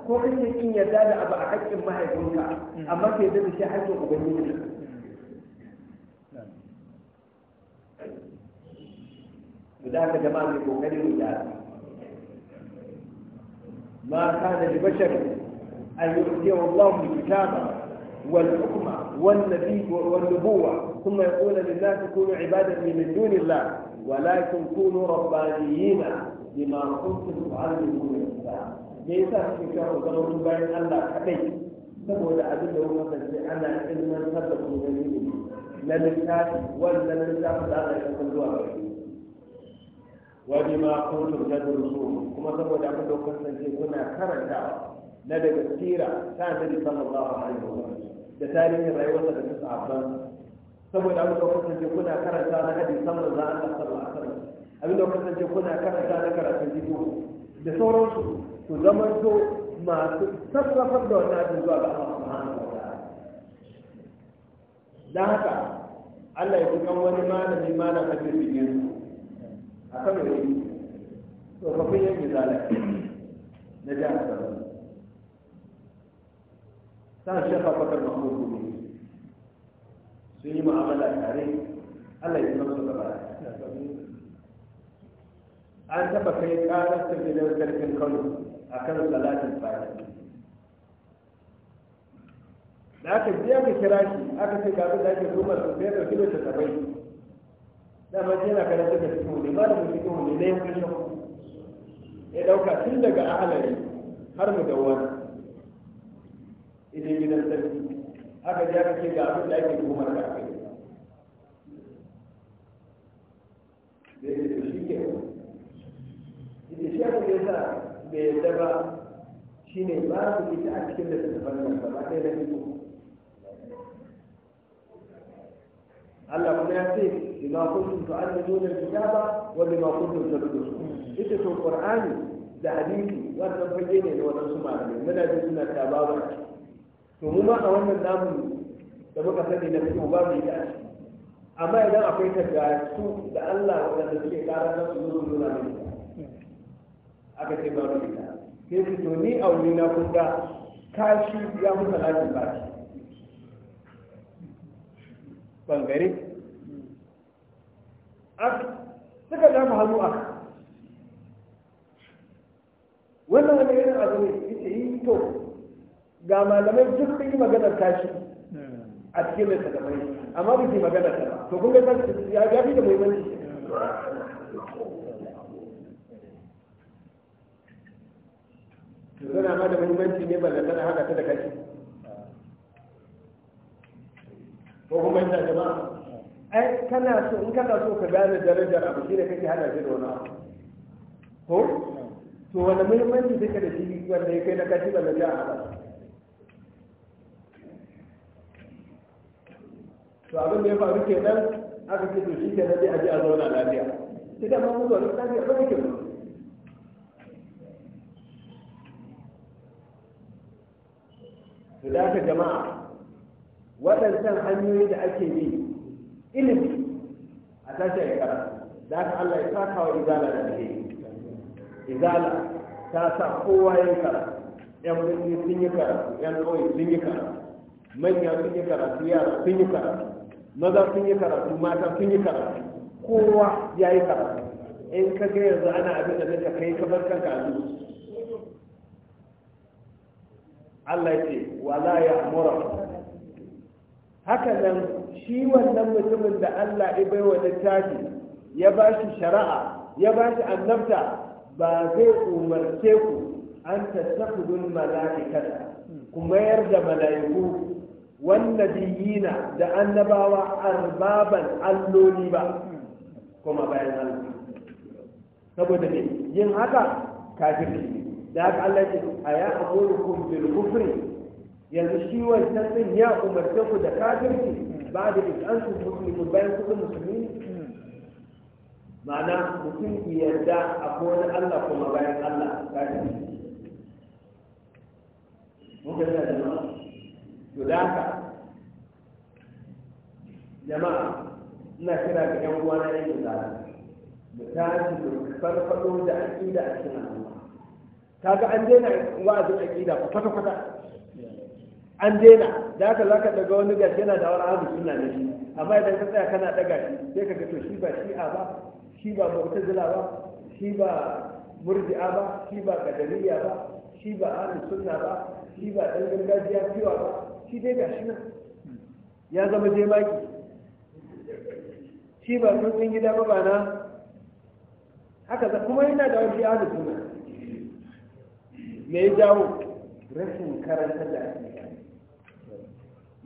ko kake kin yadda da abu a haƙƙin mahaifinka amma ke yadda da shi haƙƙin ubangiji to da haka jama'a mai kokari mu gyara ما كان لبشر أن يؤتيه الله الكتاب والحكمة والنبي والنبوة ثم يقول للناس كونوا عبادا من دون الله ولكن كونوا ربانيين بما كنتم تعلمون الكتاب ليس في كتاب ضروري بين الله كتير saboda abin da kuma kasance ana ilmantar da kuma na littafi wannan littafin da ana yankan zuwa gari wajima kuntum tadrusun kuma saboda abin dauka kun san ce kuna karanta na daga sira ta annabi sallallahu alaihi wa sallam da tarihin rayuwarsa da su afan saboda abin dauka kun san ce kuna karanta na hadisi sallallahu alaihi wa sallam abin da kun san ce kuna karanta na karatun jiko da sauransu to zama to masu sassafar da wannan abin zuwa ga Allah subhanahu wa ta'ala dan haka Allah ya kuma wani malami malamin hadisi yanzu a kan da yi tsofaffin yanki zalai na jihar sarari sa shafa bakar mahmud gumi sun yi mu'amala tare allah ya zama gaba an taɓa kai ƙarar ta gidan sarkin kano a kan salatin fara da aka biya ka kira shi aka ce ga abin da ake so masu sai ɗauki da ta tabai dama ce yana karanta da cikin wani malamin cikin wani na yankin shakku ya ɗauka tun daga ahalari har mu dawwana idan gidan sarki Haka ji aka ce ga abin da ake tuhumar da aka yi da ya ce shi ke Idan shi aka yasa bai ya daba shi ne ba su ita a cikin da su ba ɗaya da fito Allah kuma ya ce bima kuntum tu'allimuna al-kitaba wa bima kuntum tadrusun ita to qur'ani da hadisi wannan fage ne da wadansu malamai muna da suna tabawa to mu ma a wannan namu da muka sani na fito ba mu a da amma idan akwai ta su da Allah wanda suke karar da su zuwa nuna mai aka ce ba mu yi sai su to ni a wuri na kun ga kashi ya muka lafin baki bangare suka damu hannu aka wannan wani irin abu ne ita yi to ga malamai duk sun yi maganar tashi a cikin mai sakamai amma duk yi maganar ta to kun ga ya fi da muhimmanci zana ma da muhimmanci ne ba zana hana ta da kashi ko kuma ina kana so in kana so ka gane darajar abu shine kake hada shi da wani abu ko to wani muhimmanci take da shi wanda ya kai na kashi da lafiya a to abin da ya faru ke nan aka ce to shi ke nan a ji a zauna lafiya sai da mamu zuwa lafiya ba ke ba to da jama'a waɗancan hanyoyi da ake bi ilimi a tashi ya karatu da aka Allah ya saka wa izala da ke izala ta sa kowa ya kara yan birni sun yi kara yan ɗoyi sun yi kara manya sun yi su yara sun yi kara maza sun yi su mata sun yi kara kowa ya yi kara in ka ga yanzu ana abin da nika kai ka bar kanka a duk Allah ya ce wala ya mura haka nan shi wannan mutumin da Allah ya bai wa littafi ya ba shi shari'a ya ba shi annabta ba zai umarce ku an tattafudun mala'ikata ku mayar da mala'iku wannabiyina da annabawa arbaban alloli ba kuma bayan Allah saboda ne yin haka kafirci da Allah ce a ya amuru kun bil kufri yanzu shi wancan ya umarce ku da kafirci ba da ita an su musulmi bayan kuka musulmi ma'ana mutum yarda a wani allah kuma bayan allah ta ce mun ga da jama'a to da jama'a ina kira ga yan uwa na yan zara da tashi da farfado da aƙida a cikin al'umma kaga an daina wa'azin aƙida kwata-kwata an daina da haka zaka daga wani gashi yana da wani abu suna da shi amma idan ka tsaya kana daga shi sai ka ga to shi ba shi'a ba shi ba mu'tazila ba shi ba murji'a ba shi ba kadariya ba shi ba ahlus sunna ba shi ba dan gargajiya fiwa ba shi dai gashi nan ya zama dai maki shi ba tsuntsun gida ba bana haka haka kuma yana da wani ahlus sunna me ya jawo rashin karanta da ake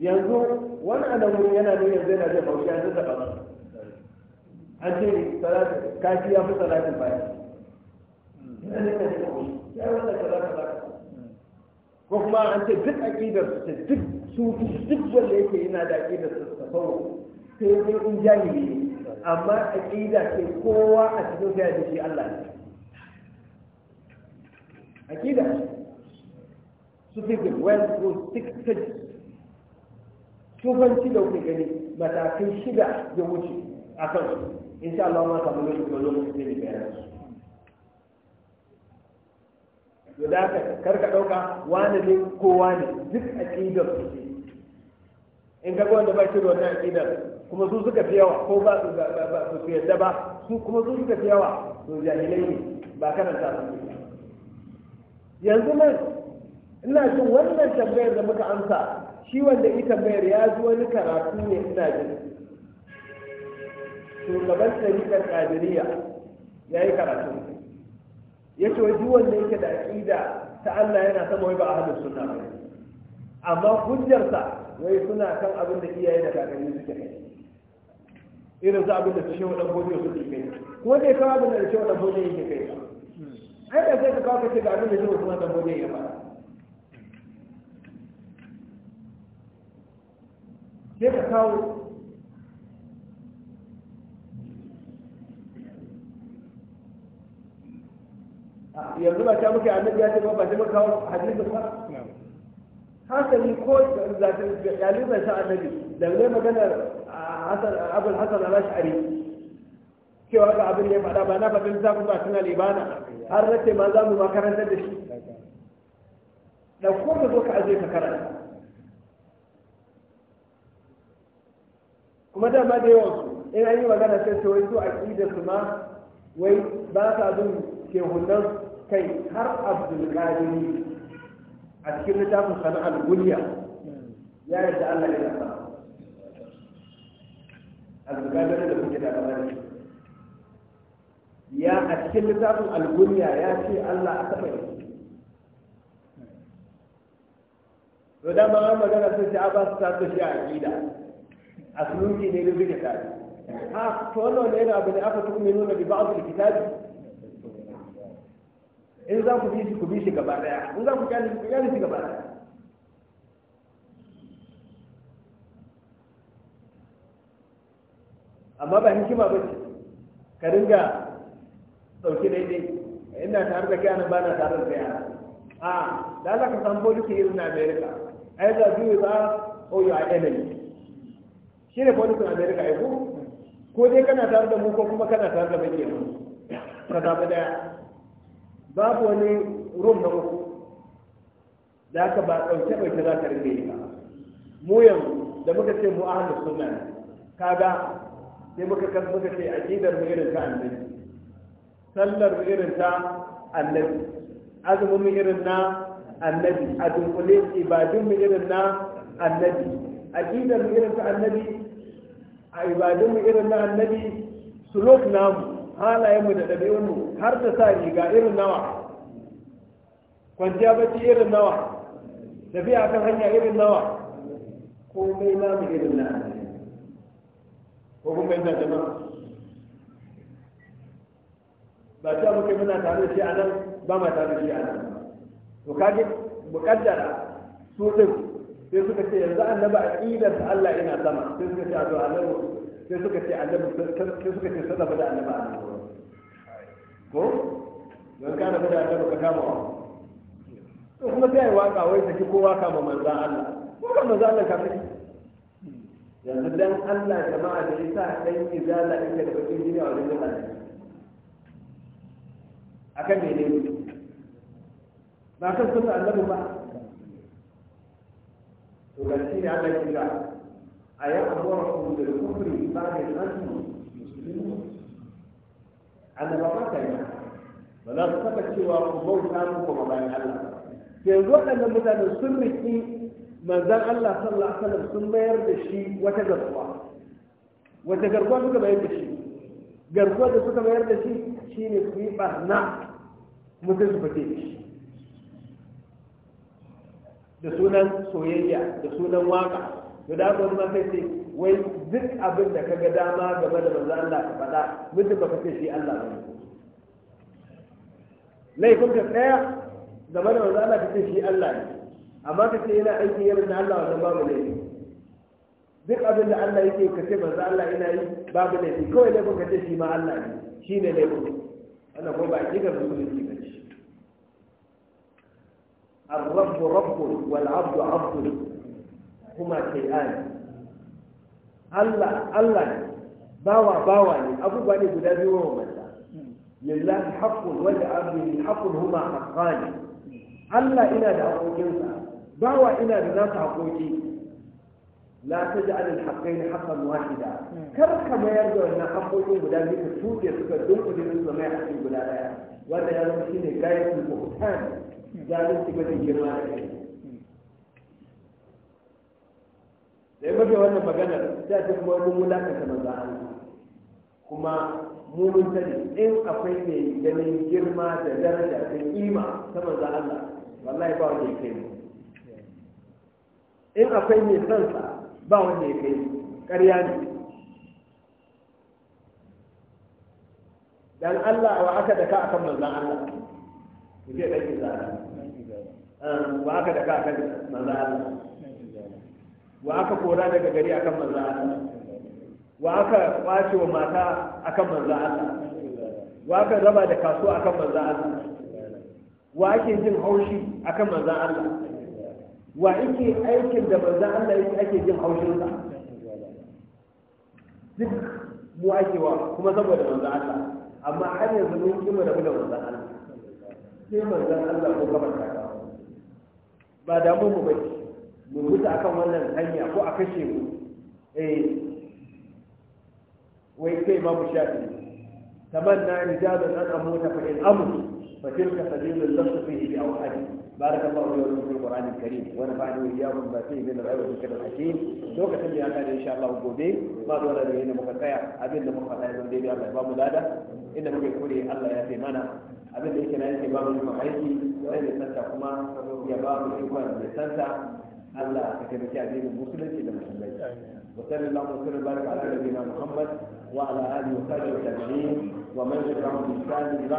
yanzu wani alamun yana ne yanzu yana jin haushi yanzu da ƙasa an ce kashi ya fi salatin baya yana ne ka jin haushi ya wanda ka za ka za ka ko kuma an ce duk aƙidar su ce duk su duk wanda yake yana da aƙidar su ta sauro sai dai in jahili amma aƙida ce kowa a cikin kai da shi Allah ne aƙida su fi well through six stages Tufanci da kuke gani matakai shida ya wuce a kan su insha Allah ma samu lokaci wani lokaci zai bayanan su to da ka karka dauka wani ne ko wani duk aƙidar su ce in ka wanda ba shi da wannan kidan, kuma su suka fi yawa ko ba su yadda ba su kuma su suka fi yawa to jahilai ne ba karanta su yanzu nan ina jin wannan tambayar da muka amsa shi wanda yi tambayar ya ji wani karatu ne ina jin shugaban tarikar kadiriya ya yi karatu ya ce wajen wanda yake da aƙida ta Allah yana sama wai ba a hannun suna ba amma hujjarsa wai suna kan abin da iyaye da kakanni suke kai irin su abin da su shewa dan su suke kai ko ne kawai kawo abin da shewa dan yake kai ai da sai ka kawo kace ga abin da shewa dan bojo ya fara sai ka kawo ah, yanzu ba ta muke annabi ya ce ba ba ta muka kawo hadisin ba hasali ko ɗaliban sa annabi da ne maganar ah, abul hasan al-ash'ari cewa ga abin da ya faɗa ba na faɗin za ku ba tun alibana har na ce ma za mu makarantar da shi da ko ka zo ka aje ka karanta kuma dama da yawan su in an yi magana sai su wai su aqida su ma wai ba sa bin shehunan kai har abdul qadiri a cikin littafin sana'ar guniya ya yarda Allah ya yarda abdul qadiri da kuke da kamar ya a cikin littafin algunya ya ce Allah a taɓa yi to dama magana sai ce a ba su tafi a ƙida. asulunci ne da bida tare ha to wannan wani yana abu ne aka tu'minu na bi ba'd al-kitabi in za ku bi ku bi shi gaba daya in za ku kyale ku kyale shi gaba daya amma ba hikima ba ce ka ringa ɗauki daidai ina tare da kyanan ba na tare da yara a da za ka san polisi irin na america ai da biyu za oyo a oh, enemy shi ne polisin america aiko ko dai kana tare da mu ko kuma kana tare da mai ka zaɓi daya babu wani rum na uku da aka ba ɗauke ɗauke za ka rike yi ba mu yanzu da muka ce mu ahlus sunna kaga sai muka kan muka ce aqidar mu irin ta annabi sallar mu irin ta annabi azumin mu irin na annabi a dunkule ibadun mu irin na annabi aqidar mu irin ta annabi a ibadunmu irin na annabi suluk namu halayenmu da ɗabi'unmu har da sa riga irin nawa kwanciya bacci irin nawa tafiya kan hanya irin nawa ko mai namu irin na ko kuma yana jama'a ba ta muke muna tare shi a nan ba ma tare shi a nan to kage mukaddara su din sai suka ce yanzu annabi aqidar sa Allah yana sama sai suka ce to annabi sai suka ce annabi sai suka ce sadaka da annabi annabi ko don kana annabi ka kama to kuma sai ai waka wai saki kowa kama manzan Allah ko kan manzan Allah ka saki yanzu dan Allah jama'a da yasa dan izala yake da bakin jini a wajen Allah akan menene ba kan sunna annabi ba وبالتالي على الجزاء أيام ورقه بالكفر بعد الأنم المسلمون على بقاك يا ولا تفتك سوى قبو سامك وما بين الله في الوقت أن مدان السمتي ما زال الله صلى الله عليه وسلم ثم يرد الشيء وتجربوا وتجربوا لك ما يرد الشيء جربوا لك ما يرد الشيء شيء يخفي بحنا مجزبتين da sunan soyayya da sunan waka to da haka ma sai ce wai duk abin da kaga dama game da manzo Allah ka faɗa mutum baka ce shi Allah ba laifin ka tsaya game da manzo Allah ka ce shi Allah ne amma ka ce yana aiki yana da Allah wannan babu laifi duk abin da Allah yake ka ce manzo Allah ina yi babu laifi kawai laifin ka ce shi ma Allah ne shine laifin Allah ko ba a kika musulunci ba الرب رب والعبد عبد هما شيئان الله الله باوى باوى أبو بني بلادي ومتى لله حق ولعبده حق هما حقان الله إنا لأقوكيوسا باوى إنا لناس حقوكي لا تجعل الحقين حقا واحدا كرك ما يرجو أن حقوكي بلادي كتوكي سكدوك لنسو ما يحقي بلادي وهذا يرمشيني غاية البهتان zalunci ba zai girma da kai da ya mafi wannan maganar ta ta kuma wani wulakanta manzan Allah kuma mumun sani in akwai ne ganin girma da daraja da kima ta manzan Allah wallahi ba wanda ya kai mu in akwai ne sansa ba wanda ya kai mu ƙarya ne dan Allah wa aka daka akan manzan Allah ku ce ɗan izala wa aka daka akan manzo wa aka kora daga gari akan manzo Allah wa aka kwace wa mata akan maza Allah wa aka raba da kasuwa akan maza Allah wa ake jin haushi akan manzo Allah wa ake aikin da manzo Allah yake ake jin haushin haushinsa duk mu ake wa kuma saboda manzo Allah amma har yanzu mun kima da mu da manzo Allah sai manzan Allah ko gaba ta ba da mu ba mu huta akan wannan hanya ko a kashe mu eh wai sai ma mu shafi tamanna rijalan an amuta fa in amu fa tilka sabilul lahu fihi bi awhadi baraka fa wa wani fil qur'an al karim wa nafa'ani wa iyyakum ba fi min al-ghaib wa kadal hakim lokacin da ya kada insha Allah gobe ba da wala da yana muka tsaya abin da muka tsaya dai Allah ba lada dada inda muke kure Allah ya fi mana abin da yake na yake ba mu mu aiki sai da tsaka kuma ya ba mu ikon da tsaka Allah ka kai mutiya da musulunci da musulmai وصلى الله وسلم وبارك على نبينا محمد وعلى اله وصحبه وسلم ومن يدعو بالسلام الى